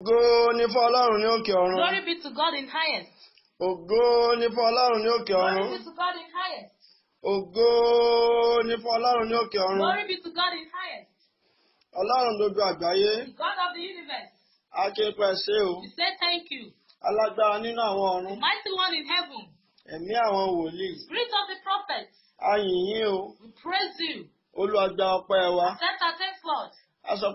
Ògo ni fún Ọlọ́run ní òkè ọ̀run. Glory be to God in highest. Ògo ni fún Ọlọ́run ní òkè ọ̀run. Glory be to God in highest. Ògo ni fún Ọlọ́run ní òkè ọ̀run. Glory be to God in highest. Ọlọ́run lójú àgbáyé. The God of the universe. Akínpẹ̀ ṣé o. You say thank you. Alágbára nínú àwọn ọ̀run. The mighty one in heaven. Ẹ̀mí àwọn wòlíì. Spirit of the prophet. A yìn o. We praise you. Olúwa gba ọpẹ́ wa. Set our thanks forth a sọ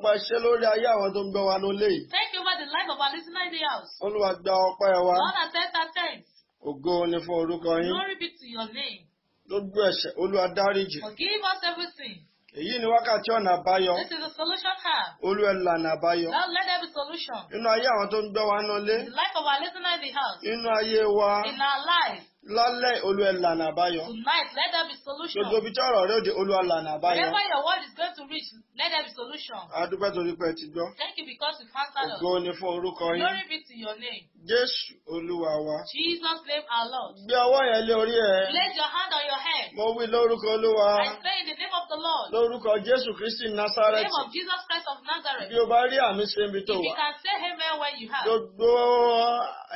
lórí ayé àwọn tó ń gbọ́ wa lólè yìí. take over the life of our listener in the house. olúwa gba ọpẹ́ wa. lord attend attend. ògo ni fún orúkọ yín. glory be to your name. gbogbo ẹ̀ṣẹ̀ olúwa dáríjì. forgive us everything. Èyí ni wákàtí ọ̀nà àbáyọ. This is the solution time. Olú ẹ̀ lànà àbáyọ. Now let there be solution. Inú ayé àwọn tó ń gbọ́ wa nálé. In the life of our listener in the house. Inú ayé wa. In our life lálẹ́ olúwa lànà àbáyọ. tonight let there be solution. gbogbo ibi tí rẹ òde olúwa lànà àbáyọ. wherever your word is going to reach let there be solution. adúpẹ́ torí pé ẹ ti gbọ́. thank you because you answered us. ògo fún orúkọ yín. glory be to your name. jésù olúwa wa. jesus name our lord. gbé ọwọ́ yẹn lé orí ẹ. place your hand on your head. mo wí lórúkọ olúwa. I pray in the name the Lord. Lórúkọ Jésù Kristi Nazareth. the name of Jesus Christ of Nazareth. Bí o bá rí àmì ṣe ibi tó wà. If you can say amen where you have. Gbogbo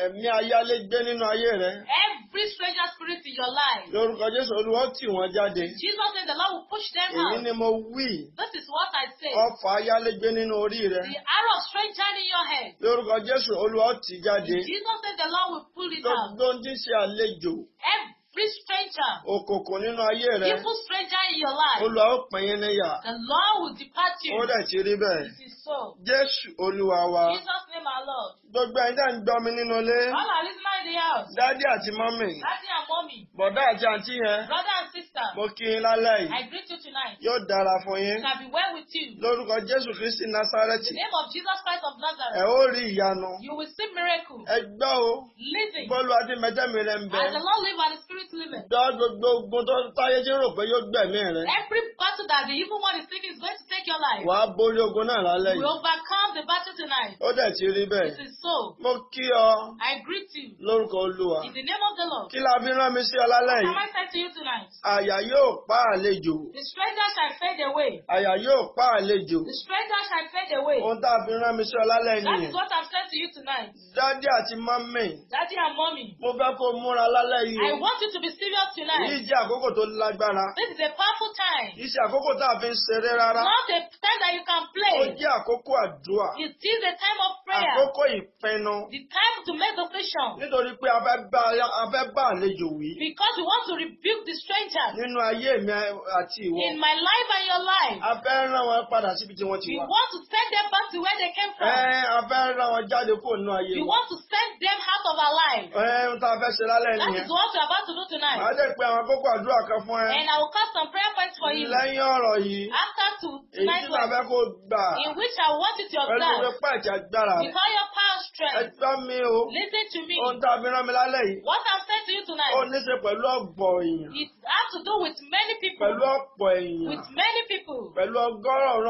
ẹ̀mí ayálégbé nínú ayé rẹ. Every stranger spirit in your life. Lórúkọ Jésù Olúwa tì wọ́n jáde. Jesus said the Lord will push them out. Èyí ni mo wí. This is what I say. Ọfà ayálégbé nínú orí rẹ. The arrow of stranger in your head. Lórúkọ Jésù Olúwa tì jáde. Jesus said the Lord will pull it out. Gbogbo ń ti ṣe àlejò. Every Free stranger. Òkùnkùn nínú ayé rẹ. Evil stranger in your life. Olúwa ó pín yín níyà. The Lord will depart you. Ó dẹ̀ ti rí bẹ́ẹ̀. It is so. Jésù Olúwa wa. Jesus name our Lord. Gbogbo ẹ̀yin dẹ́n gbọ́ mi nínú ilé. All our listeners in the house. Dádì àti mọ́mì. Dádì and mọ́mì. Bọ̀dá àti àǹtí yẹn. Brother and sister. Mo kí yín lálẹ́ yìí. I greet you tonight. Yóò dára fún yín. It shall be well with you lórúkọ Jésù Kristi Násárẹ́tì. the name of Jesus Christ of Nazareth. ẹ ó rí ìyanu. you will see miracle. ẹ gbọ́ o. living. bọ́lú adé mẹ́tẹ́mi rẹ̀ ń bẹ. and the Lord live and the spirit living. dọ́ gbogbo ogun tó táyé tí ń rò pé yóò gbẹ̀mí rẹ. every battle that the evil one is taking is going to take your life. wàá borí ogun náà lálẹ́ yìí. we overcome the battle tonight. ó dẹ̀ ti rí bẹ́ẹ̀. it is so. mo kí ọ. I greet you. lórúkọ Olúwa. in the name of the Lord. kí la fi rán mi sí ọ lálẹ́ yìí. what am I saying to you tonight? àyà yóò pa àlejò. the stranger shall fade away. àyà yóò pa àlejò àlejò. The stranger shall fade away. Ohun tá a fi rán mi sí ọ lálẹ́ That is what I have said to you tonight. Dádì àti mọ́mì. Dádì and mọ́mì. Mo fẹ́ kó múra lálẹ́ yìí. I want you to be serious tonight. Yìí jẹ́ àkókò tó lágbára. This is a powerful time. Yìí ṣe àkókò tá a fi ń ṣeré rárá. Not a time that you can play. Ó jẹ́ àkókò àdúrà. It is a time of prayer. Àkókò ìpinnu. The time to make decision. Nítorí pé a fẹ́ bá a fẹ́ bá àlejò wí. Because we want to rebuke the stranger. Nínú ayé mi àti ìwọ. In my life and your life. A fẹ́ rán wọn pa padà síbi tí wọ́n ti wá. we want to send them back to where they came from. ẹ a fẹ́ rán wọn jáde kó nù ayé wọn. we want to send them out of our lives. ẹ n ta fẹ́ ṣe lálẹ́ nìyẹn. that is what we are about to do tonight. màá dẹ̀ pé àwọn kókó àdúrà kan fún ẹ. and I will cast some prayer points for you. lẹ́yìn ọ̀rọ̀ yìí. after to tonight. èyí tí fẹ́ kó gbà. in which I want you to observe. pẹ̀lú pípa ìjà gbára. before your power strength. ẹ gbọ́ mi o. listen to me. ohun tá a fi rán mi lálẹ́ yìí. what I am saying to you tonight. ó ní ṣe pẹ̀lú ọ̀gbọ̀ èèyàn. it has to do with many people. pẹ̀lú ọ̀pọ̀ èèyàn. with many people. pẹ̀lú ọgọ́rọ̀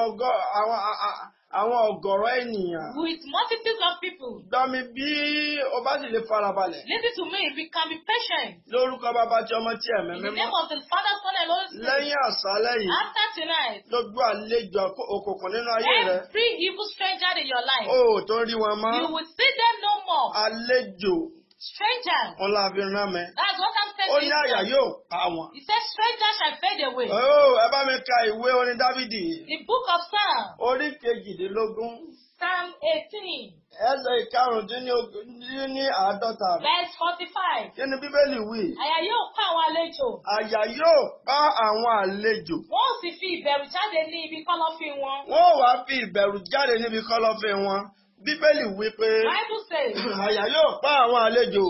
àwọn ọ̀gọ̀rọ̀ ènìyàn. with multitudes of people. gbọ́ mi bí o bá sì lè farabalẹ̀. listen to me if you can be patient. lórúkọ bàbá tí ọmọ tí ẹ̀mí mímọ́. the name of the father son and holy spirit. lẹ́yìn àṣálẹ́ yìí. after tonight. gbogbo àlejò òkùnkùn nínú ayé rẹ. every evil stranger in your life. o ò tó rí wọn mọ́. you will see them no more. àlejò strangers. wọ́n lá fi rán mi. that's what I'm saying. ó ní àyà yóò pa wọn. he said strangers shall fade away. oh ẹ bá mi ka ìwé orin dávìdì. the book of psalm. orí kejìdínlógún. psalm eighteen. ẹsẹ̀ ìkarùndínlógún àádọ́ta. verse forty-five. kí ni bíbélì wí. àyà yóò pa àwọn àlejò. àyà yóò pa àwọn àlejò. wọ́n ò sì fi ìbẹ̀rù jáde ní ibi kọ́lọ́fín wọn. wọ́n ò wá fi ìbẹ̀rù jáde níbi kọ́lọ́fín wọn. Bíbélì wí pé. Bible says. Àyà yóò pa àwọn àlejò.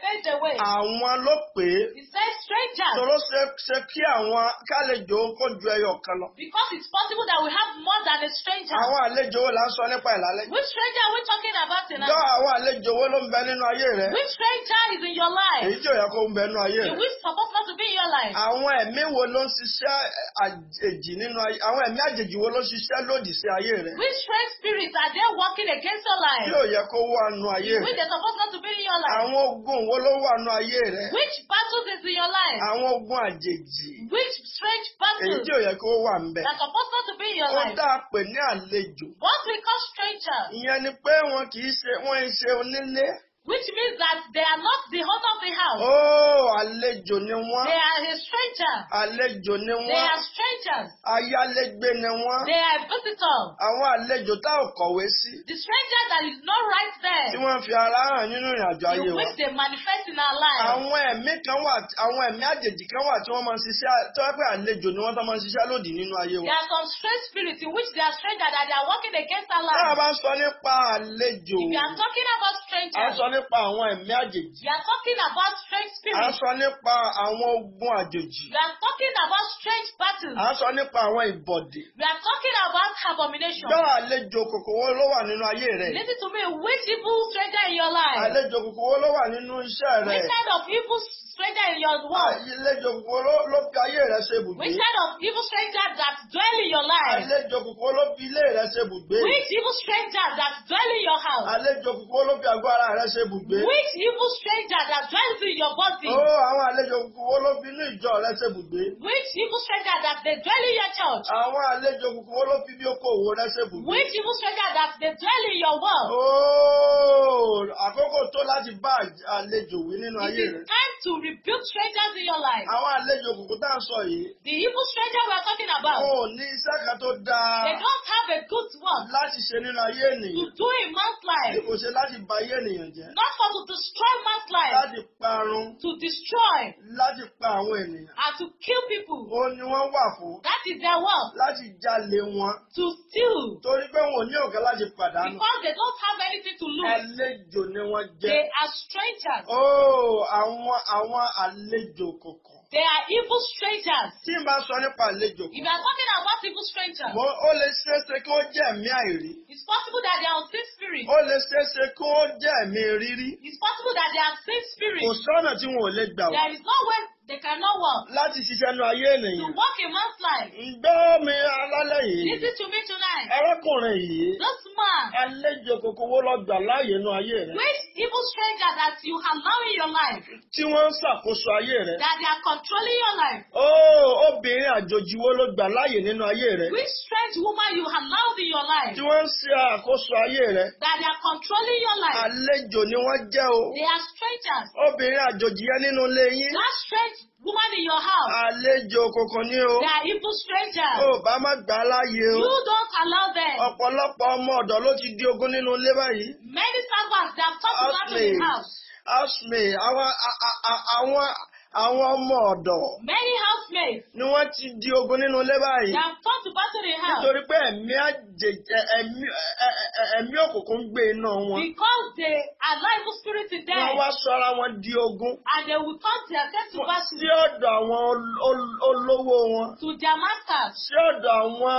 fade away. Àwọn ló pè é. He said strangers. ṣe kí àwọn kálejò kó ju ẹyọ kan lọ. Because it's possible that we have more than a stranger. Àwọn àlejò wo la ń sọ nípa ìlàlẹ́? Which stranger are we talking about tonight? Dọ́ àwọn àlejò wo ló ń bẹ nínú ayé rẹ? Which stranger is in your life? Èyí tí ò yẹ kó ń bẹ nínú ayé rẹ. Which suppose not to be in your life? Àwọn ẹ̀mí wo ló ń ṣiṣẹ́ àjèjì nínú ayé? Àwọn ẹ̀mí àjèjì wo ló ń ṣiṣẹ́ lòdì sí ayé rẹ? Which strange spirits are there working against your life. Tí ò yẹ kó wà nù ayé rẹ. Which is supposed not to be in your life. Àwọn ogun wo ló wà nù ayé rẹ? Which battles is in your life? Àwọn ogun àjèjì. Which strange battles? Èyí tí ò yẹ kó wà ń That supposed not to be in your life. Ó dáa pè ní àlejò. What we call strangers. Ìyẹn ni pé wọn kì í ṣe wọn ń ṣe onílé which means that they are not the owner of the house. Oh, àlejò ni wọ́n. They are a stranger. Àlejò ni wọ́n. They are strangers. Ayálégbé ni wọ́n. They are visitors. Àwọn àlejò tá ò kọ̀wé sí. The stranger that is not right there. Tí wọ́n fi ara hàn nínú ìrìnàjò ayé wa. In which they manifest in our lives. Àwọn ẹ̀mí kan wà àwọn ẹ̀mí àjèjì kan wà tí wọ́n máa ń ṣiṣẹ́ tó yẹ pé àlejò ni wọ́n tó máa ń ṣiṣẹ́ lòdì nínú ayé wa. There are some strange spirits in which they are stranger that they are working against our lives. Bí bá ń sọ nípa àlejò. If you are talking about strangers. A sọ ní nípa àwọn ẹ̀mí àjèjì. You are talking about strange spirits. À sọ nípa àwọn ogun àjèjì. You are talking about strange battles. À sọ nípa àwọn ìbọ̀dé. You are talking about abomination. Gbọ́ àlejò kòkòrò ló wà nínú ayé rẹ. Listen to me, which evil stranger in your life? Àlejò kòkòrò ló wà nínú iṣẹ́ rẹ. Which kind of evil stranger in your world? Ah, àlejò kòkòrò ló fi ayé rẹ ṣe ibùgbé. Which kind of evil stranger that dwell in your life? Àlejò kòkòrò ló fi ilé rẹ ṣe ibùgbé. Which evil stranger that dwell in your house? Àlejò kòkòrò ló fi àgọ́ rẹ ṣe ṣe Which evil stranger that dwells in your body? Ó oh, àwọn àlejò kúkú wo ló fi inú ìjọ rẹ ṣe bùgbé? Which evil stranger that they dwell in your church? Àwọn àlejò kúkú wo ló fi bí okòwò rẹ ṣe bùgbé? Which evil stranger that they dwell in your world? Ooo oh, àkókò tó láti bá àlejò wí nínú ayé rẹ. It is time to rebuke strangers in your life. Àwọn àlejò kúkú tá à ń sọ yìí. The evil stranger we are talking about. Wọn ní iṣẹ́ kan tó dáa. They don't have a good work. Láti ṣe nínú ayé ènìyàn. To do a man's life. Bí kò ṣe láti bà ayé ènìyàn jẹ́. Not for to destroy man's life. Láti parun. To destroy. Láti pa àwọn ènìyàn. And to kill people. Ó ní wọ́n wà fún. That is their work. Láti jalè wọn. To steal. Torí pé wọn ò ní ọ̀gá láti pàdánù. Because they don't have anything to lose. Àlejò ni wọ́n jẹ́. They are strangers. Oh, àwọn àwọn àlejò kọ̀ọ̀kan. They are evil strangers. Tí n bá sọ nípa àlejò. If you are talking about evil strangers. Mo ó lè ṣeéṣe kí wọ́n jẹ́ ẹ̀mí àìrí. It's possible that they are unseen spirits. Ó lè ṣeéṣe kí wọ́n jẹ́ ẹ̀mí rírí. It's possible that they are unseen spirits. Kò sọ́nà tí wọn ò lè gbà wá. There is no way They cannot work. Láti ṣiṣẹ́ nu ayé ènìyàn. To work a man's life. Gbọ́ mi alálẹ̀ yìí. Listen to me tonight. Arákùnrin yìí. Those man. Àlejò kòkó wo lọ gbà láàyè nu ayé rẹ̀. Which evil stranger that you allow in your life. Tí wọ́n ń ṣàkóso ayé rẹ̀. That they are controlling your life. Oh, obìnrin àjòjì wo ló gbà láàyè nínú ayé rẹ̀. Which strange woman you allowed in your life. Tí wọ́n ń ṣe àkóso ayé rẹ̀. That they are controlling your life. Àlejò ni wọ́n jẹ́ o. They are strangers. Obìnrin àjòjì yẹn nínú ilé yín. That strange woman in your house. Àlejò kankan ni o. They are evil strangers. O bá má gbà á láàyè o. You don't allow them. Ọ̀pọ̀lọpọ̀ ọmọ ọ̀dọ́ ló ti di ogún nínú ilé báyìí. Many servants they have come to the house. Ask me, Ask me, àwọn àwọn. Àwọn ọmọ ọ̀dọ̀. Many housemates. Ni wọ́n ti di ogun nínú ilé báyìí. They have come to battle the house. Nítorí pé ẹ̀mí àjèjì ẹ̀mí ẹ̀mí òkùnkùn ń gbé iná wọn. Because they are liable spirits in there. Wọ́n wá sọ ara wọn di ogun. And they will come to their to battle. Sí ọ̀dọ̀ àwọn olówó wọn. To their masters. Sí ọ̀dọ̀ àwọn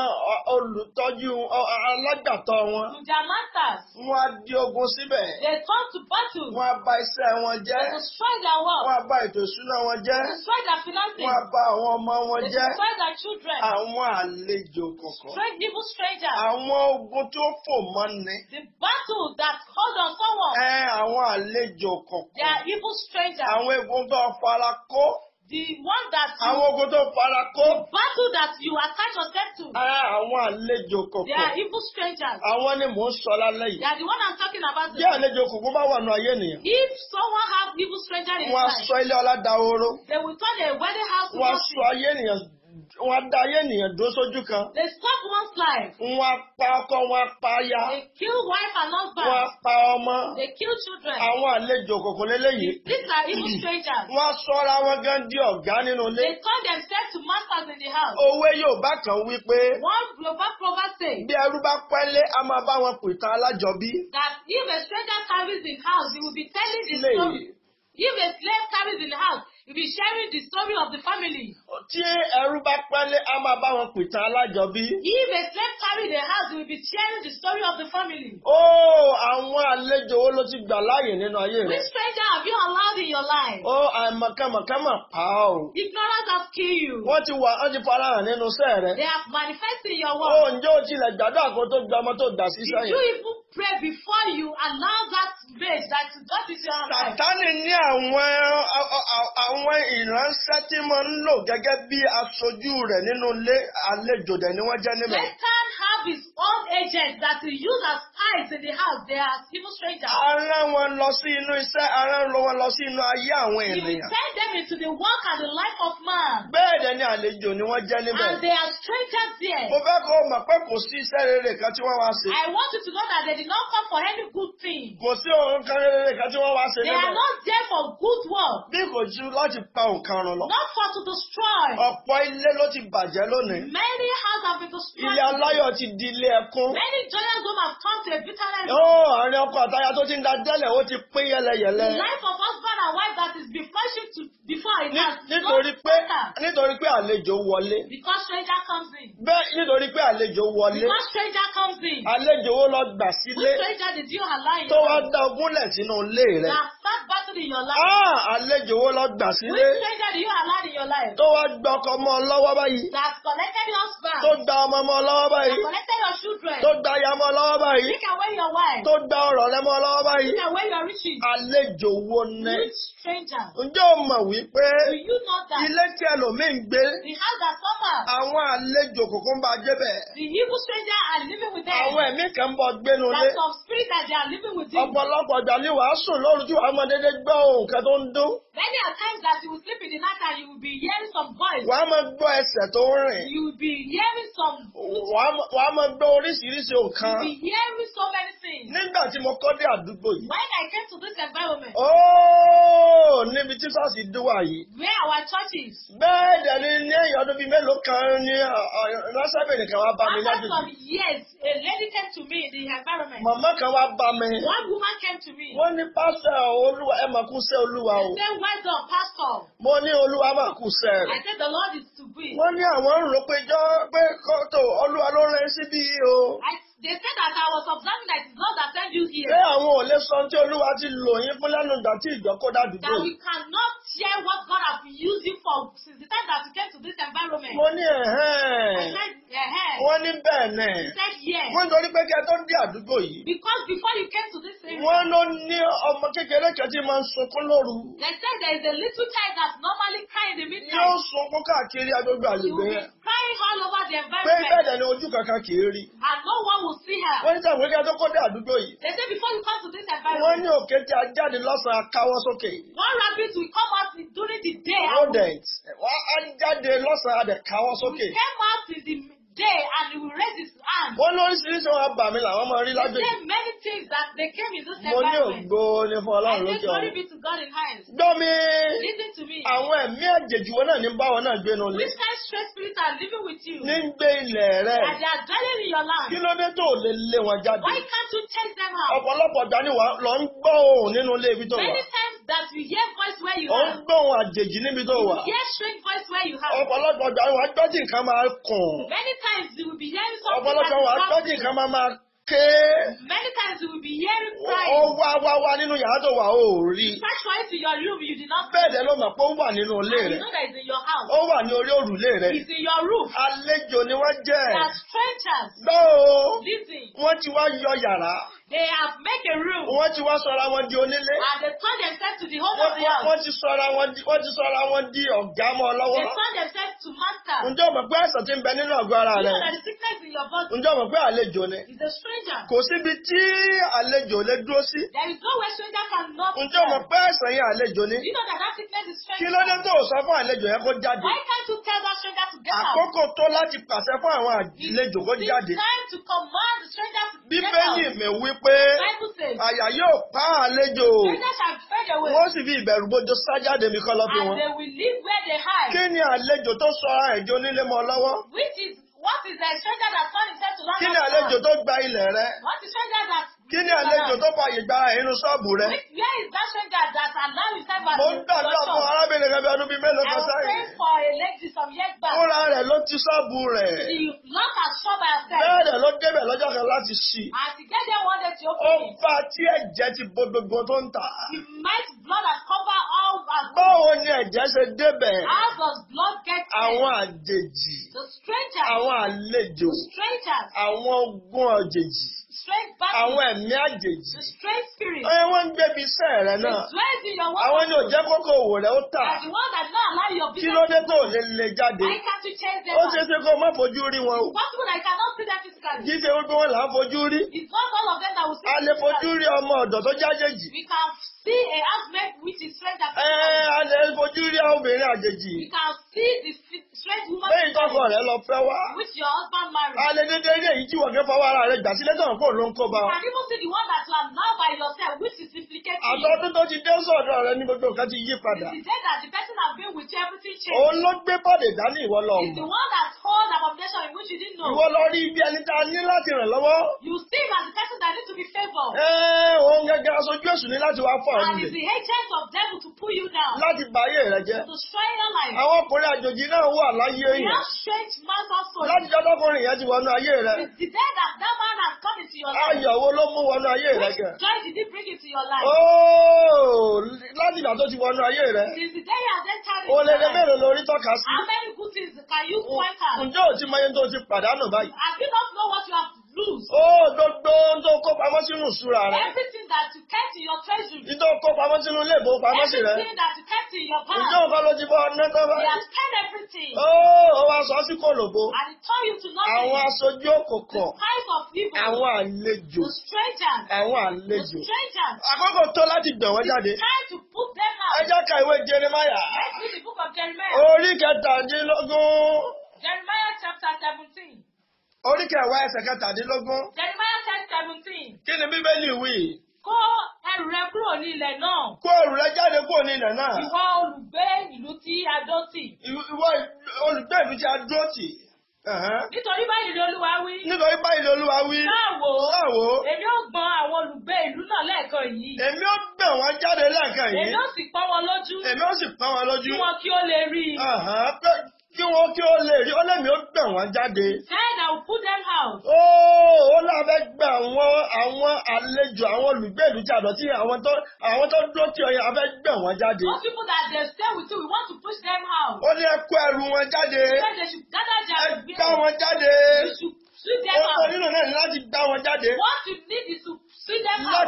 olùtọ́jú alágbàtọ́ wọn. To their masters. Wọ́n á di ogun síbẹ̀. They come to battle. Wọ́n á bà iṣẹ́ wọn jẹ́. They will strike their work. Wọ́n á bà ètò ìṣúná wọn jẹ́. Destroy their finances. Wọ́n bá àwọn ọmọ wọn jẹ́. Destroy their children. Àwọn àlejò kọ̀ọ̀kan. Straight evil strangers. Àwọn ogun tó fò mọ́ ni. The battle that hold on someone. Ẹ àwọn àlejò kọ̀ọ̀kan. They are evil strangers. Àwọn egun tó fara kó. The one that you. Àwọn ogun tó fara kó. The battle that you attach yourself to. Àwọn àlejò kọ̀ọ̀kan. They are evil strangers. Àwọn ni mò ń sọ lálẹ́ yìí. They are the one I'm talking about. Bí àlejò kò bá wà nù ayé nìyẹn. If someone has evil stranger in life. Wọ́n á sọ ilé ọlá dahoro. They will turn a wedding house to nothing. Wọ́n á sọ ayé nìyẹn wọ́n da ayé ènìyàn dúró sójú kan. they stop one's life. wọ́n pa ọkọ wọ́n pa aya. they kill wife and husband. wọ́n pa ọmọ. they kill children. àwọn àlejò òkòkò lélẹ́yìí. these are evil hmm. strangers. wọ́n sọ́ra wọn gan di ọ̀gá nínú ilé. they call themselves to masters in the house. òwe Yorùbá kan wí pé. one global proverb says bí ẹrú bá pẹ́lẹ́ a máa bá wọn pè tán alájọbí. that if a stranger carries in house he will be telling the story. if a slave carries in house You'll be sharing the story of the family. Tí ẹrú bá pẹ́lẹ́, a máa bá wọn pìtàn alájọbí. If a slave carry the house, you will be sharing the story of the family. Oh, àwọn àlejò wo ló ti gbà láàyè nínú ayé rẹ̀? Which stranger have you allowed in your life? Oh, àìmọ̀kànmọ̀kàn mà pa o. Ignorance has killed you. Wọ́n ti wà, wọ́n ti fara hàn nínú iṣẹ́ rẹ̀. They are manifesting your work. Oh, ǹjẹ́ o tilẹ̀ gbàdúrà kó tó gba ọmọ tó dà sí sẹ́yìn? Did you even pray before you allow that grace that God is your right. Sátánì ní àwọn àwọn ìránṣẹ́ tí mo ń lò gẹ́gẹ́ bí aṣojú rẹ̀ nínú ilé àlejò dẹ̀ ni wọ́n jẹ́ níbẹ̀. Satan have his own agents that he use as spies in the house they are even strangers. Ará wọn lọ sí inú iṣẹ́, ará wọn lọ sí inú ayé àwọn ènìyàn. He will send them into the work and the life of man. Bẹ́ẹ̀ dẹ̀ ni àlejò ni wọ́n jẹ́ níbẹ̀. And they are strangers there. Mo fẹ́ kó o mọ̀ pé kò sí iṣẹ́ rere kan tí wọ́n wá sí. I want you to know that they did not come for any good thing. Kò sí ohun kan rere kan tí wọ́n wá ṣe. They are not there for good work. Bí kò ju láti pa nǹkan run lọ. Not for to destroy. Ọ̀pọ̀ ilé ló ti bàjẹ́ lónìí. Many houses have been destroyed. Ilé aláyọ̀ ti di ilé ẹkún. Many joyous women have come to a bitterness. Yóò àárín ọkọ àtaya tó ti ń da dẹ́lẹ̀ ó ti pín yẹlẹyẹlẹ. The life of husband and wife that is before ship to before I pass. nítorí pé nítorí pé àlejò wọlé. because stranger comes in. bẹ́ẹ̀ nítorí pé àlejò wọlé. because stranger comes in. àlejò wo lọ gbà sílé. stranger did you allow in your life. tó wá dá ogúnlẹ̀ sínú ilé rẹ. na battle in your life. ah àlejò wo lọ gbà sílé. stranger did you allow in your life. tó wá gba ọkọ ọmọ lọ́wọ́ báyìí. na collected your husband. tó gba ọmọ ọmọ lọ́wọ́ báyìí. na collected your children. tó gba ìyá ọmọ lọ́wọ́ báyìí. your wife. tó gba ọrọ̀ lẹ́mọ lọ́wọ́ báyìí. take away your riches. àlejò wo ni. which stranger. ǹjẹ́ o mọ̀ wí pé ilé tí ẹlòmíín gbé àwọn àlejò kòkó ń bá jẹ́ bẹ́ẹ̀. the evil stranger are living with them. àwọn ẹ̀mí kan ń bọ̀ gbénu lé. that of spirit that they are living with them. ọ̀pọ̀lọpọ̀ ìgbà ni wàá sùn lóru tí wàá máa dédé gbọ́ ohun kan tó ń dún. many a times that you will sleep in the night and you will be hearing some voice. wàá máa gbọ́ ẹsẹ̀ tó ń rìn. you will be hearing some. wàá máa gbọ́ oríṣiríṣi nǹkan. you be hearing so many Nígbà tí mo kọ́ dé àdúgbò yìí. When I came to this environment. Ooo oh, níbi tí sọ́ọ̀sì dúwà yìí. Where our church is. Bẹ́ẹ̀ dẹ̀ ni ní ẹ̀yìn ọdún bíi mélòó kan ní ah, ah, ránṣẹ́bẹ̀ nìkan wá bá mi lájú. After some years, a lady came to me in the environment. Mama kan wá bá mi. One woman came to me. Wọ́n ní pásítọ̀ olúwa ẹ̀ máa kú sẹ́ olúwa o. They say well done pastor. Mo ní olúwa máa kú sẹ́. I said the Lord is to be. Wọ́n ní àwọn ń rò pé pé kọ́tò olúwa ló rẹ́ síbí o. I They said that I was observing that it's God that sent you here. Ṣé àwọn ò lè sọ tí Olúwa ti lò yín fún lẹ́nu ìgbà tí ìjọ kó That we cannot share what God has been using for since the time that we came to this environment. Mo ní ẹ̀hẹ́n. I said ẹ̀hẹ́n. Wọ́n ní bẹ́ẹ̀ nẹ̀. He said yes. Mo nítorí pé kí ẹ tó dé àdúgbò yìí. Because before you came to this area. Wọ́n ló ní ọmọ kékeré kan máa ń sunkún lóru. They said there is a little child that normally cry in the middle. Yóò sunkún káàkiri agbègbè àlùbẹ́yẹ all over the environment. pé bẹ́ẹ̀ ni ojú kankan kì í rí. and no one will see her. wọ́n ní sáà wọ́n kí a dé àdúgbò yìí. they say before you come to this environment. wọ́n ní òkè tí a jáde lọ́sàn-án káwọ́ sókè. one rabbit will come out during the day. rodent wọ́n á jáde lọ́sàn-án a dẹ̀ káwọ́ sókè. we came out in the day and he will raise his hand. wọ́n ló ń ṣe iṣẹ́ wọn làwọn máa rí lágbègbè. there are many things that they came in those environments. mo ní ògo ní fún ọlọ́run lókè ọ̀run. I say glory be to God in highest. gbọ́ mi. listen to me. àwọn ẹ̀mí àjèjì wọn náà ní bá náà gbé nù. which kind stress spirit are living with you. ní gbé ilẹ̀ rẹ. and they are dwelling in your land. kí ló dé tó lè lé wọn jáde. why can't you take them out. ọ̀pọ̀lọpọ̀ ìgbà ni lọ ń gbọ́ òun nínú ilé ibi tó wà. many times that you hear voice where you are. ó ń gbọ́ you hear strange voice where you are times you will be hearing something. ọ̀pọ̀lọpọ̀ wà tọ́jú nǹkan máa máa ké. many times you will be hearing crying. ó wá wá wá nínú yàrá tó wà ó rí. search for it in your room you did not. bẹ́ẹ̀ dẹ̀ ló mọ̀ pé ó wà nínú ilé rẹ̀. and you know that is in your house. ó wà ní orí òrùlé rẹ̀. it's in your roof. àlejò ni wọ́n jẹ́. they are strangers. lọ́wọ́. listen. wọ́n ti wá yọ yàrá. They have made a room. Wọ́n ti wá sọra wọn di onílé. And they turn themselves to the home of the house. Wọ́n ti sọra wọn di wọ́n ti sọra wọn di ọ̀gá mọ́ ọ lọ́wọ́. They turn themselves to master. Ǹjẹ́ o mọ̀ pé àìsàn ti ń bẹ nínú ọ̀gọ́ ara rẹ̀? You know that the sickness in your body. Ǹjẹ́ o mọ̀ pé àlejò ni? He's a stranger. Kò síbi tí àlejò lè dúró sí. There is no way stranger can not stand. Ǹjẹ́ o mọ̀ pé àìsàn yẹn àlejò ni? You know that that sickness is stranger. Kí ló dé tó sọ fún àlejò yẹn kó jáde? Why can't you tell that stranger to get out? Àkókò tó láti pàṣẹ fún àwọn àlejò kó jáde. It's time to command the stranger to get out. Bíbélì mi wí wípé àyà yóò pa àlejò wọ́n sì fi ìbẹ̀rù bójú sá jáde mi kọ́ lọ́fi wọn. kí ni àlejò tó sọ ara ẹ̀jọ́ mọ́ lọ́wọ́. What is the stranger that turned himself to land? Kí ni àlejò tó gba ilẹ̀ rẹ? Kí ni àlejò tó fa ìgbà inú ṣọ́ọ̀bù rẹ? Where is that sugar that allow you serve as a doctor? Mo ń gbàdúrà fún arábìnrin kan bí ọdún bíi mélòó kan sẹ́yìn. I was praying for a lady some years back. Fúnra rẹ̀ ló ti ṣọ́ọ̀bù rẹ̀. She lock her shop by herself. Bẹ́ẹ̀ rẹ̀ ló débẹ̀ lọ́jọ́ kan láti ṣí. Àti gẹ́gẹ́ wọn lè open. Ó bá tí ẹ̀jẹ̀ ti bo gbogbo tó ń tà. The might blood has covered all Báwo ni ẹ̀jẹ̀ ṣe débẹ̀? How does blood get in? Àwọn àjèjì. The strangers. Àwọn àlejò. The strangers. Àwọn ogún àjèjì strange battles. Àwọn ẹ̀mí àjèjì. The strange spirits. Ẹ wọ́n ń gbébi iṣẹ́ rẹ náà. The strange in your work. Àwọn ni ò jẹ́ kókó òwò rẹ̀ ó tà. As the one that now allow your business. Kí ló dé tó ò lè le jáde? Why can't you change them? Ó ṣeé ṣe kó o má fojú rí wọn o. It's possible I cannot see them physically. Kì í ṣe wípé wọ́n là ń fojú rí. It's not all of them that will see them physically. A lè fojú rí ọmọ ọ̀dọ̀ tó jájèjì. We can see a housemate with his friend at the ẹ ẹ fojú rí obìnrin àjèjì. you can see the strange woman. lẹ́yìn tọkọ rẹ lọ fẹ́ wá. which your husband married. a lè dédé rí èyí tí wọ́n kẹ́ fọwọ́ ara rẹ gbà sílẹ̀ tán kó ló ń kó bá. you can even see the one that you are now by yourself which is implicating you. àtọ́dún tó ti dé sọ̀dọ̀ rẹ ní gbogbo nǹkan ti yí padà. it's the day that the person has been with you everything changed. òun ló gbé bọ́ọ̀dì dání ìwọ lọ. it's the one that hold abomination in which you didn't know. ìwọ lọ rí ibi ẹni tá a ní láti ràn lọ́wọ́. you see him as the person that needs to be favoured. ẹ eh, òun gẹ́gẹ́ aṣojú èṣù ní láti wá fọ and is the agent of devil to pull you down. láti bà ayé rẹ jẹ́. to destroy your life. àwọn ọkùnrin àjòjì náà wà láyé yẹn. we have strange man household. láti jọ́dọ̀ ọkùnrin yẹn ti wọnú ayé rẹ. it's the day that that man has come into your life. ayọ̀ wo ló mú wọnú ayé rẹ gẹ̀. which joy did he bring into your life. ooo láti ìgbà tó ti wọnú ayé rẹ. since the day you have entered into your life. olè lébèrè lórí tọ́ka sí. how many good things can you point out. ǹjẹ́ o ti mọ iye tó ti pàdánù báyìí. have you not know what you have loose. ó don't, don't! kó pamọ́ sínú everything that you kept in your treasury. ìjọ kó pamọ́ sínú everything that you kept in your bank. ìjọ nǹkan ló ti bọ́ ọdún tó bá. he has spent everything. ó ó wá sọ sí kòlòbó. and he told you to not be. àwọn aṣojú the of people. àwọn àlejò. the strangers. àwọn àlejò. the strangers. àkókò tó láti gbọ̀n wọ́n to put them out. I just can't wait, Jeremiah. let's read the book of Jeremiah. Oh, orí kẹtàdínlógún. Jeremiah chapter seventeen orí kẹwàá ẹsẹ̀ kẹtàdínlógún. Jeremiah ten seventeen. kí ni bíbélì wí? kó ẹrù rẹ kúrò ní ilẹ̀ náà. kó ẹrù rẹ jáde kúrò ní ilẹ̀ náà. ìwọ olùgbé ìlú tí a dó tì. ìwọ olùgbé ìlú tí a dó tì. Nítorí báyìí ni Olúwa wí. Nítorí báyìí ni Olúwa wí. Sáàwó. Sáàwó. Èmi ó gbọ̀n àwọn olùgbé ìlú náà lẹ́ẹ̀kan yìí. Èmi ó gbọ̀n wọn jáde lẹ́ẹ̀kan yìí. Èmi ó sì pọ́n wọn lójú. Èmi ó sì pọ́n wọn lójú. Kí wọn kí ó lè rí i kí wọn kí ó lè rí ọlẹ́mi ó gbà wọ́n jáde. said I will put them out. Oh, ó ó lábẹ́ gbà àwọn àwọn àlejò àwọn olùgbé ìlú tí àdọ̀tí àwọn tó àwọn tó dúró kí ọyẹ abẹ́ gbà wọ́n jáde. those people that dey stay with you we want to push them out. ó ní ẹ kó ẹrù wọn jáde. he said they should gather their belongings. ẹ gbá wọn jáde. we should sweep them out. ó nínú náà ní láti gbá wọn jáde. one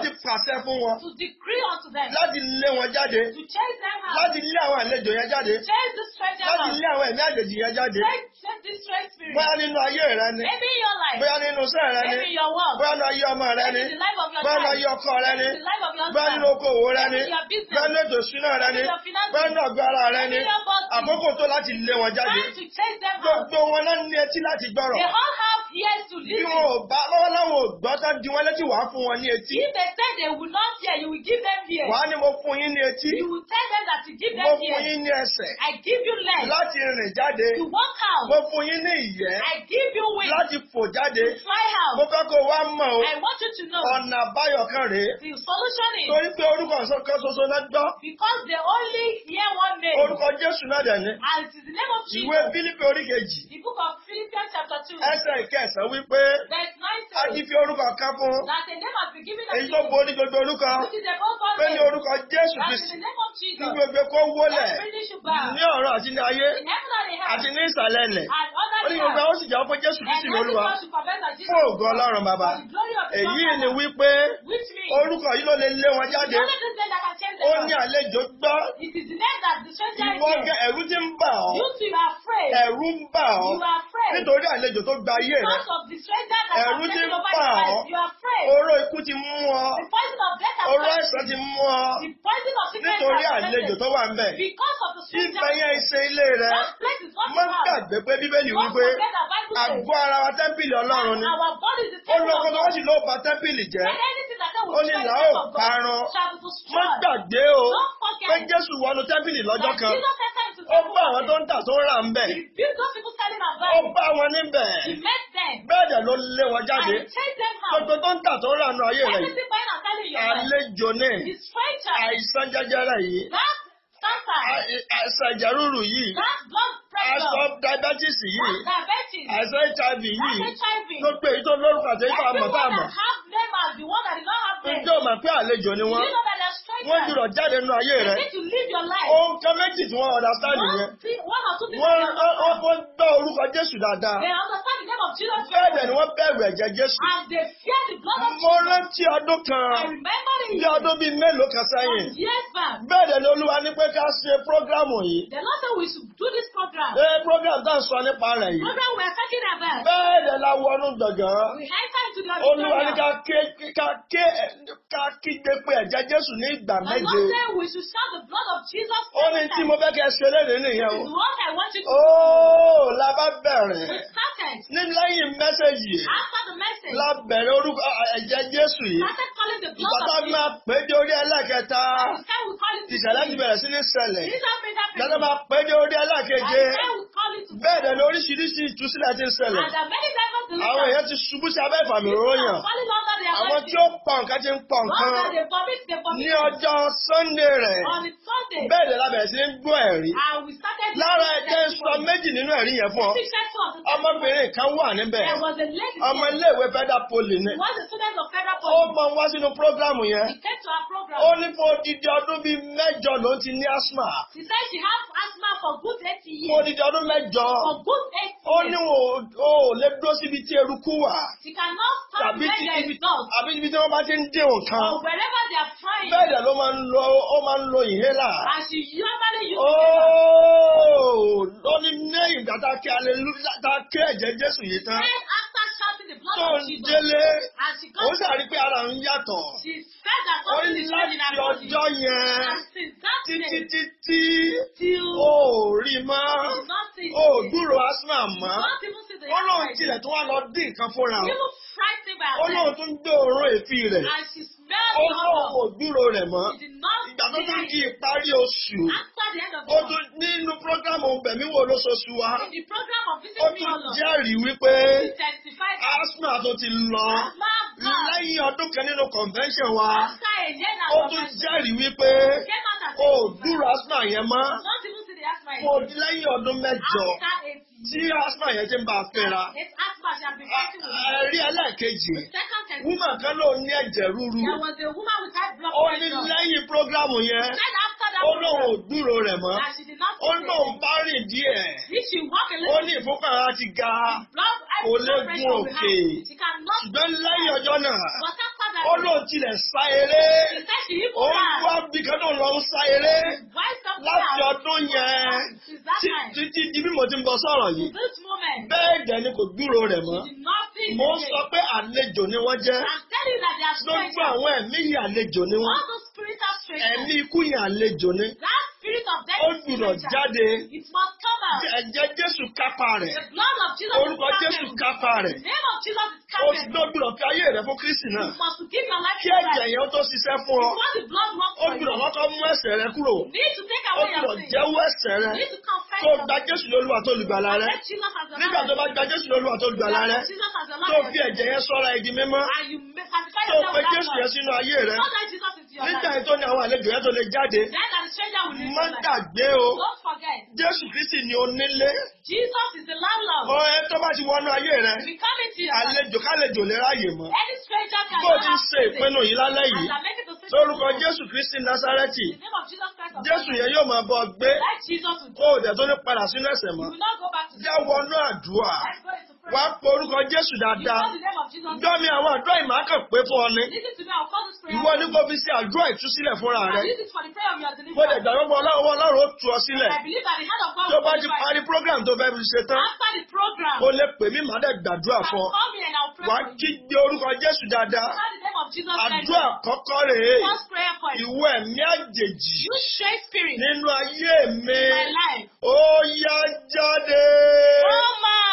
láti pàṣẹ fún wọn. to decree unto them. láti lé wọn jáde. to chase them out. láti lé àwọn àlejò yẹn jáde. chase the stranger out. láti lé àwọn ẹ̀mí àjèjì yẹn jáde. take take this strange spirit. bóyá nínú ayé rẹ ni. maybe in your life. bóyá nínú iṣẹ́ rẹ ni. maybe in your work. bóyá nínú ayé ọmọ rẹ ni. maybe in the life of your child. bóyá nínú ayé ọkọ rẹ ni. maybe in the life of your husband. bóyá nínú okòwò rẹ ni. maybe in your business. bóyá nínú ètò ìṣúná rẹ ni. maybe in your finances. bóyá nínú ọgbà ara rẹ ni. maybe in your body. àkókò tó láti lé wọn jáde. time to chase them out. gbogbo wọn náà ní etí láti gbọ́rọ̀. they all have ears to listen. Bí wọn ò bá lọ́wọ́ láwọn ò gbọ́ tán di wọn létí wàá fún wọn ní etí. If they say they will not hear, you will give them ear. Wàá ní mo fún yín ní etí. You will tell them that you give them ear. Mo fún yín ní ẹsẹ̀. I give you leg. Láti rìn jáde. To walk out. Mo fún yín ní ìyẹ́. I give you wing. Láti fò jáde. To fly out. Mo fẹ́ kó wá mọ̀ o. I want you to know. Ọ̀nà àbáyọ kan rèé. The solution is. Torí pé orúkọ kan ṣoṣo náà gbọ́. Because they only hear one name. Orúkọ Jésù náà dẹ̀ ni. And it is the name of Jesus. Ìwé Fílípì orí The book of Philippians chapter two. Ẹsẹ̀ ìkẹ́ ẹ̀sán wípé a ti fi orúkọ kan fún èyí tó borí gbogbo orúkọ pé ní orúkọ Jésù Kristi kí gbogbo kó wólẹ̀ ní ọ̀rọ̀ àti ní ayé àti ní ìsàlẹ̀ ẹ̀lẹ̀ ó ní gbogbo àwọn sì jẹ́ pé Jésù Kristi ní Olúwa fún ògo Ọlọ́run bàbá èyí ni wípé orúkọ yìí ló lè lé wọn jáde ó ní àlejò gbọ́ ìwọ ẹ̀rù ti ń bà ọ́ ẹ̀rù ń bà ọ́ nítorí àlejò tó gba ayé rẹ ẹ̀rù ti ń pa ọ́ oró ikú ti mú ọ oró àìsàn ti mú ọ nítorí àlejò tó wà ń bẹ̀ ibẹ̀ yẹn iṣẹ́ ilé rẹ máa ń gbàgbé pé bíbélì wípé àgọ́ ara wa tẹ́ḿpìlì ọlọ́run ni ó lọ́kọ́ tó wọ́n sì ló ba tẹ́ḿpìlì jẹ́ ó ní làá ò parun má gbàgbé o pé jésù wọnú tẹ́ḿpìlì lọ́jọ́ kan ó bá àwọn tó ń tà tó ń rà ń bẹ̀ ó bá wọn níbẹ̀ bẹ́ẹ̀ ló lé wọn jáde. Gbogbo tó ń tà tó rà nù ayé rẹ̀ yìí. Àlejò ní àìsàn jẹjẹrẹ yìí. Àìsàn ìjàrúurú yìí. Àìsàn diabetes yìí. Àìsàn HIV yìí. Ló pé èyí tó lórúkọ àti èyí tó àmọ̀ tó àmọ̀. Ǹjẹ́ o mọ̀ pé àlejò ni wọ́n? Wọ́n jùlọ jáde nínú ayé rẹ̀. Ohun kan méjì tí wọ́n ọ̀dà sáà nìyẹn. Wọ́n gbọ́ orúkọ Jésù dáadáa. Jesus. Bẹ́ẹ̀ ni wọ́n bẹ̀rù ẹ̀jẹ̀ Jésù. And they fear the blood of Jesus. Mo rántí ọdún kan. I remember it. Bí ọdún bíi mélòó kan sẹ́yìn. Some years back. Bẹ́ẹ̀ ni Olúwa ní pé ká ṣe prógrámù yìí. The Lord said we should do this program. ẹ eh, program tá a sọ nípa rẹ̀ yìí. program we are talking about. bẹ́ẹ̀ dẹ̀ la wọnú gbọ̀ngàn. we have into the auditorium. olúwa ni ká ké ká ké ká kígbe pé ẹ̀jẹ̀ jésù ní ìgbà méje. the Lord say we should shout the blood of Jesus. ó ní tí mo fẹ́ kẹ́ ṣe léde nìyẹn o. the one I want you to do. ooo la bá bẹ̀rẹ̀. we started. ní lẹ́yìn mẹ́sẹ̀gì after the message. la bẹ̀rẹ̀ orúkọ ẹ̀jẹ̀ jésù yìí. started calling the blood of Jesus. ìpàtà máa pé dórí ẹlẹ́kẹta. the time we call it. ìṣẹ̀lẹ̀ ti bẹ̀rẹ̀ sí ní ṣẹlẹ̀. máa pé dórí ẹlẹ́ ẹlẹ́dàkeje. bẹ́ẹ̀ dẹ̀ ni oríṣiríṣi ìtúsílẹ̀ ti ń ṣẹlẹ̀ àwọn èèyàn ti ṣubú sí abẹ́ ìfàmìróyàn àwọn tí ó pa nǹkan ti ń pa nǹkan ní ọjọ́ sunday rẹ̀ bẹ́ẹ̀ dẹ̀ lábẹ̀rẹ̀ sí ń gbọ́ ẹ̀rí lára ẹjẹ́ sọ méjì nínú ẹ̀rí yẹn fún ọ ọmọbìnrin kan wà níbẹ̀ ọmọ iléèwé federal poli ni ó mọ wá sínú prógrámù yẹn ó ní fún odidi ọdún bíi mẹ́jọ ló ti ní asthma. she said she has asthma for good eighty years. odidi ọdún mẹ́jọ mẹ́jọ. on both extremes. ó ní o ò lè dúró síbi tí eruku wà. you cannot stand where there is dust. àbí ibi tí wọ́n bá ti ń dé nǹkan. wherever they are trying. bẹ́ẹ̀ dẹ̀ ló máa ń lo ó máa ń lo inhaler. as you normally use oh, inhaler. ó ní ní ìgbà tá a kí ẹ̀jẹ̀ Jésù yìí tán tó ń délé ó sàrí pé ara ń yàtọ̀ ó ní láti ọjọ́ yẹn títí títí ó rí mọ́ ó gbúrò asthma mọ́ ó lóun tilẹ̀ tó wà lọ dín nǹkan fúnra frightened by her. ó lóun tún gbé òórùn èéfì rẹ̀. and she smelled the odor. ó lóun ò rẹ̀ mọ́. ìgbà tó tún di ìparí oṣù. after the end of the tún nínú programu bẹ̀mí wo lóṣooṣù wa. in the program of visiting me alone. ó tún jẹ́rìí wípé. she testified. asma tó ti lọ. asma gone. lẹ́yìn ọdún kan nínú convention wa. after a year na convention. ó tún jẹ́rìí wípé. she came out as dúró asma yẹn mọ́. not Mo di lẹ́yìn ọdún mẹ́jọ tí asma yẹn ti ń bá a fẹ́ra. Ẹ̀rí ẹlẹ́ẹ̀kejì, woman kan ló ní ẹ̀jẹ̀ rúru. Ó ní lẹ́yìn prógrámù yẹn, ó lóun ò gbúrò rẹ̀ mọ́. Ó lóun bá rìn díẹ̀. Ó ní ìfúnpá ara ti ga, kò lè gun òkè. Ṣùgbọ́n lẹ́yìn ọjọ́ náà. Ọlọ́run tilẹ̀ sá eré. Olúwa bìkan náà lọ sá eré. Láti ọdún yẹn ah, títí di bí mo ti ń bọ̀ sọ̀rọ̀ yìí. Bẹ́ẹ̀ dẹ̀ ni kò gbúrò rẹ̀ mọ́. Mo sọ pé àlejò ni wọ́n jẹ́. Gbogbo àwọn ẹ̀mí yìí àlejò ni wọ́n mental strength. Ẹ̀mí ikú yẹn àlejò ni. That spirit of death is spiritual. Ó gbúdọ̀ jáde. It must come Ẹ̀jẹ̀ Jésù kápá rẹ̀. The blood of Jesus is Orúkọ Jésù kápá rẹ̀. The name of Jesus is kápá rẹ̀. O gbúdọ̀ fi ayé rẹ̀ fún Kristi náà. You must give your life to Kí ẹ̀jẹ̀ yẹn tó ṣiṣẹ́ fún ọ. the blood work for you. O gbúdọ̀ kọ́kọ́ mú ẹ̀ṣẹ̀ rẹ kúrò. need to take away your sin. O gbúdọ̀ jẹ́wọ́ ẹ̀ṣẹ̀ rẹ. You need to confess your sin. Kó gba Jésù lólúwa tó olùgbàlà rẹ. Nígbà tó bá gba Jésù lólúwa tó olùgbàlà rẹ. Tó fi ẹ̀jẹ̀ yẹn sọ́ra ẹ mímọ́. Tó pe Jésù yẹn sínú ayé rẹ nígbà yìí tó ní àwọn àlejò yẹn tó lè jáde má gbàgbé o Jésù Kristi ni onílé. Jesus is the landlord. Ó ẹ tó bá ti wọnú ayé rẹ. We come into your house. Àlejò kálejò lè ráàyè mọ́. Any stranger can go out. Bó o ti ṣe ìpinnu yìí lálẹ́ yìí. And I make it to Lórúkọ Jésù Kristi Násárẹ́tì. The name of Jesus Christ of Nazareth. Jésù yẹn yóò máa bọ gbé. Like Jesus would do. Kó o dẹ̀ tó ní padà sínú ẹ̀ṣẹ̀ mọ́. You will not go back to sin. Jẹ́ wọnú àdúrà. Let's wà á pe orúkọ Jésù dáadáa. Dọ́mi àwọn àdúrà ìmáàkàn pé fún ọ ní. Ìwọ ní kò fi ṣe àdúrà ìtúsílẹ̀ fúnra rẹ. Mo dẹ̀ gbàgbọ́ pé ọlọ́wọ́ ọlọ́run ó tú ọ sílẹ̀. Tó bá ti parí program tó fẹ́ fi ṣe tán. O lè pè mí màá dẹ̀ gbàdúrà fún ọ. Wà á kí gbé orúkọ Jésù dáadáa. Àdúrà kọ́kọ́ rèé. Ìwọ ẹ̀mí àjèjì. Nínú ayé mi. Ó yá jáde. Ó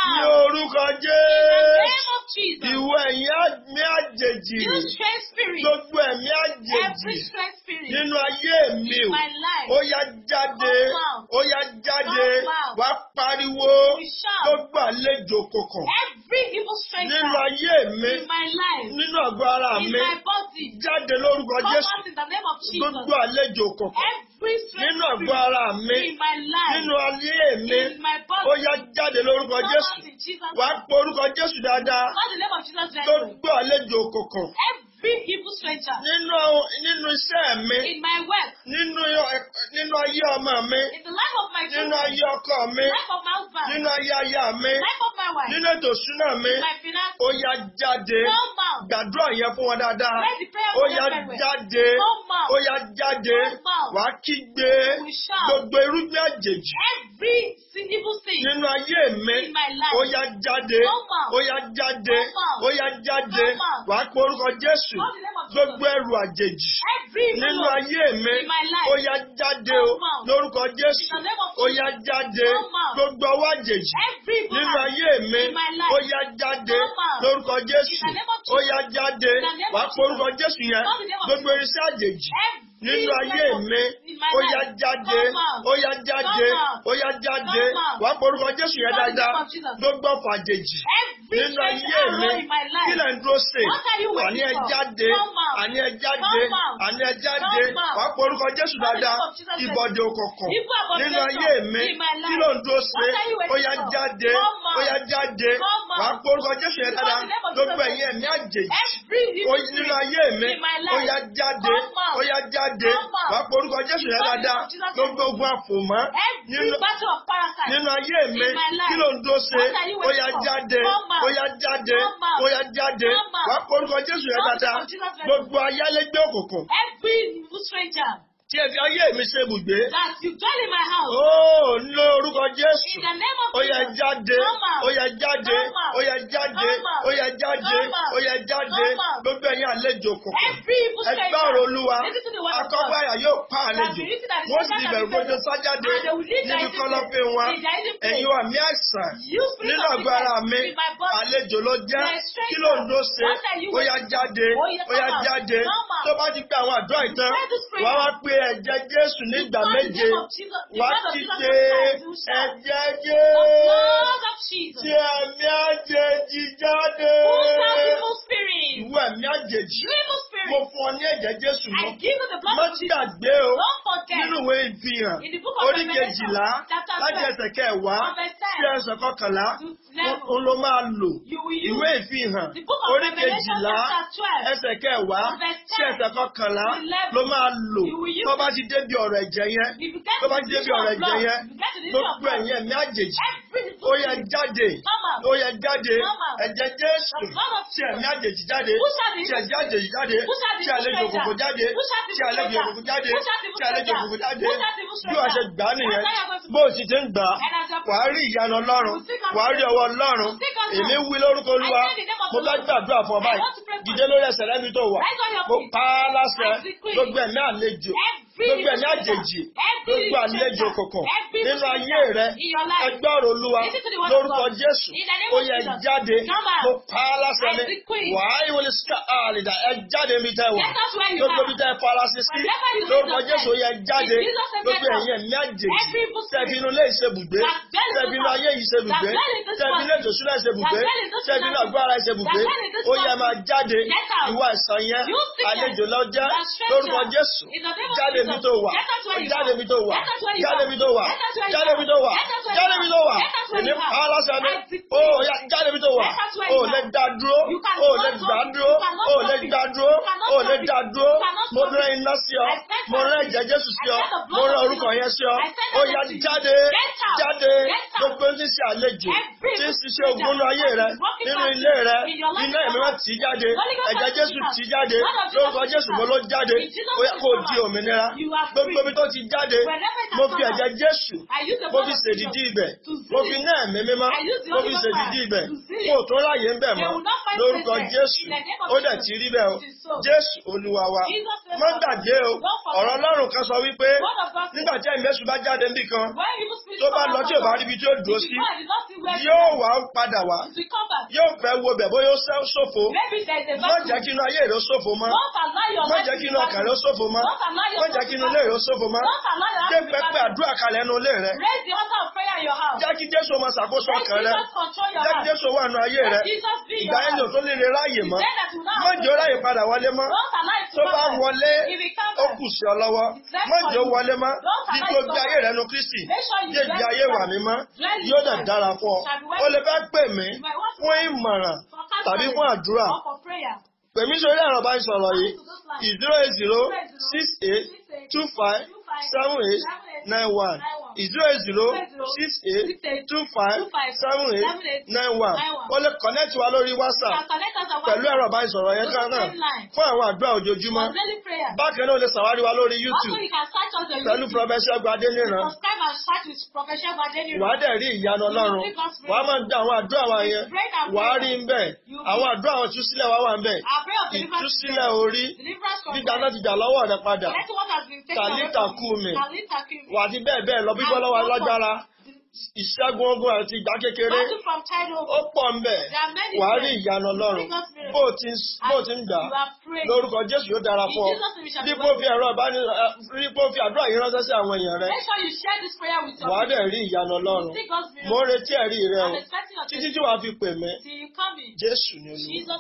Ní orúkọ Jésù. Jesus. Ìwọ ẹ̀yin ẹ̀mí àjèjì. You strange spirit. Gbogbo ẹ̀mí àjèjì. Every strange spirit. Nínú ayé mi o. In my life. Ó yá jáde. Come out. Ó yá jáde. Come out. Wá pariwo. We shout. Gbogbo àlejò kọ̀kọ̀. Every evil stranger. Nínú ayé mi. In my life. Nínú àgọ́ ara mi. In my body. Jáde lórúkọ Jésù. Come out in the name of Jesus. Gbogbo àlejò kọ̀kọ̀. Every strange spirit. Nínú àgọ́ ara mi. In my life. Nínú ayé mi. In my body. Ó yá jáde lórúkọ Jésù. Come out in Jesus' orúkọ Jésù dáadáa about the name of Jesus Christ. Tó gbọ́ àlejò òkùnkùn. Every evil stranger. Nínú nínú iṣẹ́ mi. In my work. Nínú nínú ayé ọmọ mi. In the life of my children. Nínú ayé ọkọ mi. Life of my husband. Nínú ayé aya mi. Life of my wife. Nínú ètò ìṣúná mi. In my finance. Ó yá jáde. Come out. Gbàdúrà yẹn fún wọn dáadáa. Where the prayer was everywhere. Ó yá jáde. Come out. Ó yá jáde. Come out. Wàá kígbe. We shout. Gbogbo irúgbìn àjèjì. Every practicing evil things. Nínú ayé mi, ó yá jáde, ó yá jáde, ó yá jáde, wà á pe orúkọ Jésù, gbogbo ẹrù àjèjì. Nínú ayé mi, ó yá jáde o, lórúkọ Jésù, ó yá jáde, gbogbo ọwọ́ àjèjì. Nínú ayé mi, ó yá jáde, lórúkọ Jésù, ó yá jáde, wà á pe orúkọ Jésù yẹn, gbogbo irinṣẹ́ àjèjì nínú ayé mi ó yá jáde ó yá jáde ó yá jáde wàá porúkọ Jésù yẹn dáadáa gbogbo fàjèjì nínú ayé mi kí lẹ̀ ń dúró sè àní ẹ jáde àní ẹ jáde àní ẹ jáde wàá porúkọ Jésù dáadáa ìbọ̀dé òkọ̀kọ̀ nínú ayé mi kí ló ń dúró sè ó yá jáde ó yá jáde wàá porúkọ Jésù yẹn dáadáa gbogbo ẹ̀yìn ẹ̀mí àjèjì nínú ayé mi ó yá jáde ó yá jáde wàá porúkọ Jésù yẹn dáadáa gbogbo ogun àfòmọ́ nínú nínú ayé mi kí ló ń dó ṣe ó jáde ó jáde ó jáde wàá kórúkọ Jésù yẹn dáadáa gbogbo ayálégbé òkùnkùn. every stranger. Tí ẹ fi ayé mi ṣe ibùgbé. That you dwell in my house. Oh no, orúkọ Jésù. In the name of Jesus. Ó yá jáde. Ó yá jáde. Ó yá jáde. Ó yá jáde. Ó yá jáde. Gbogbo ẹ̀yin àlejò kòkó. Every evil spirit. Ẹgbẹ́ ọ̀rọ̀ Olúwa. Akọ́gbọ́ àyà yóò pa àlejò. Wọ́n sì bẹ̀rù gbọ́dọ̀ sájáde. Níbi kọ́lọ́fín wọn. Ẹ̀yin wà mí àìsàn. Nínú àgọ́ ara mi. Àlejò ló jẹ́. Kí ló ń dó ṣe? Ó yá jáde. Ó yá jáde. Tó bá ti gbé àwọn àdúrà ìtàn, wàá wá pé ẹ̀jẹ̀ Jésù nígbà méje wá ti ṣe ẹ̀jẹ̀ Jésù tí ẹ̀mí àjèjì jáde. Ìwọ ẹ̀mí àjèjì. Mo fún ọ ní ẹ̀jẹ̀ Jésù mọ́. Má gbàgbé o nínú ìwé ìfihàn orí kejìlá láti ẹsẹ̀ kẹwàá sí ẹsẹ̀ kọkànlá òun ló máa lò ìwé ìfihàn orí kejìlá ẹsẹ̀ kẹwàá sí ẹsẹ̀ kọkànlá ló máa lò tó bá ti débi ọ̀rọ̀ ẹ̀jẹ̀ yẹn tó bá ti débi ọ̀rọ̀ ẹ̀jẹ̀ yẹn gbogbo ẹ̀yin ẹ̀mí àjèjì ó yẹ jáde ó yẹ jáde ẹ̀jẹ̀ Jésù tí ẹ̀mí àjèjì jáde tí ẹ̀jẹ̀ àjèjì jáde tí àlejò òkùnkùn jáde tí àlejò òkùnkùn jáde tí àlejò òkùnkùn jáde bí wàá ṣe gbà á nìyẹn bó o sì ti ń gbà á wàá rí ìyanu Ọlọ́run wàá rí ọwọ́ Ọlọ́run èmi wí lórúkọ Olúwa mo bá gbàdúrà fún ọ báyìí dìde lórí ẹsẹ̀ rẹ mi tó wà mo pa á lásẹ̀ gbogbo ẹ̀mí àlejò gbogbo ẹ̀mí àjèjì gbogbo àlejò kọ̀kọ̀ nínú ayé rẹ ẹgbẹ́rún olúwa lórúkọ jésù ó yẹ jáde mo pa á lásán ni wàá ìwọlé àlìdá ẹ jáde mi tẹ wà gbogbo mi tẹ fara sí sí lórúkọ jésù ó yẹ jáde gbogbo ẹ̀yìn ẹ̀mí àjèjì tẹ̀bí inú ilé ìṣebùgbé tẹ̀bí inú ayé ìṣebùgbé tẹ̀bí inú ètò ìṣúná ìṣebùgbé tẹ̀bí inú àgbára ìṣebùgbé ó yẹ máa jáde ìwà ìsàn yẹn àlejò lọ jẹ́ lórúkọ jésù jáde mi tó wà jáde mi tó wà jáde mi tó wà jáde mi tó wà jáde mi oh, tó wà èmi ara sani o ya jáde mi tó wà o lè dá dúró Oh, lè oh, oh, dá dúró o lè dá dúró o lè dá dúró mo rẹ iná sí ọ mo rẹ ẹ̀jẹ̀ Jésù sí ọ mo rẹ orúkọ yẹn sí ọ o ya jáde jáde gbogbo ní sí àlejò tí ń ṣiṣẹ́ ògbónú ayé rẹ nínú ilé rẹ iná ìmíràn tì í jáde ẹ̀jẹ̀ Jésù tì í jáde lórúkọ Jésù mo ló jáde ó yẹ kó di òmìnira gbogbo tó ti jáde mo fi ẹ̀jẹ̀ Jésù mo fi ṣèdìdí ibẹ̀ mo fi ná ẹ̀mí mímọ́ mo fi ṣèdìdí ibẹ̀ kó o tó ráyè ń bẹ̀ mọ́ lórúkọ Jésù ó dẹ̀ ti rí bẹ́ẹ̀ o Jésù Olúwa wa má gbàgbé o ọ̀rọ̀ Ọlọ́run kan sọ wípé nígbà tí ẹ̀mí Èṣù bá jáde níbì tó bá lọ tí ò bá ríbi tí ó dúró sí yóò wá padà wá yóò fẹ́ wo bẹ̀ bóyá ó ṣòfò má jẹ́ kí inú ayé rẹ ó ṣòfò mọ́ má jẹ́ kí inú ọkàn rẹ ó ṣòfò mọ́ má jẹ́ kí inú ilé rẹ ó ṣòfò mọ́ dé pẹpẹ àdúrà kalẹ̀ ẹnu ilé rẹ jẹ́ kí Jésù máa ṣàkóso ọkàn rẹ jẹ́ kí Jésù wà nù ayé rẹ ìgbà yẹn ni ò tó lè lè ráàyè mọ́ má jẹ́ ó ráàyè padà wọlé mọ́ tó bá wọlé ó kù sí ọ lọ́wọ́ má jẹ́ ó wọlé mọ́ bí tó gbé ayé rẹ nu Kristi yé gbé ayé wà mí mọ́ yóò dẹ̀ dára fún ọ o lè fẹ́ pè mí fún ìmọ̀ràn tàbí fún àdúrà pèmí sórí àrùn bá ń sọ̀rọ̀ yìí zero eight zero six eight two five seven eight nine one zero eight zero six eight two five seven eight nine one o lè connect wa lórí whatsapp pẹ̀lú ẹ̀rọ ìbánisọ̀rọ̀ yẹn kan náà fún àwọn àdúrà ojoojúmọ́ bákan náà o lè ṣàwárí wa lórí youtube pẹ̀lú prọfẹsẹ̀ gbadé níran wàá dẹ̀ rí ìyanu ọlọ́run wàá máa dá àwọn àdúrà wa yẹn wàá rí ń bẹ̀ àwọn àdúrà àwọn ìtúsílẹ̀ wa wà ń bẹ̀ ìtúsílẹ̀ orí dídáná ti dà lọ́wọ́ rẹ padà tàlítà kú mi wà á ti bẹ́ẹ̀ bẹ́ẹ̀ lọ gbígbọ́ lọ́wọ́ alágbára ìṣẹ́gun ogun àti ìgbà kékeré ó pọ̀ ń bẹ̀ wà á rí ìyanu ọlọ́run bó o ti ń gbà lórúkọ jésù yóò dára fún ọ dípò fi ẹ̀rọ dípò fi àdúrà yìí ránṣẹ́ sí àwọn èèyàn rẹ wà á dẹ̀ rí ìyanu ọlọ́run mo ń retí ẹ̀rí rẹ o títí tí wàá fi pè mí jésù ni olúwa.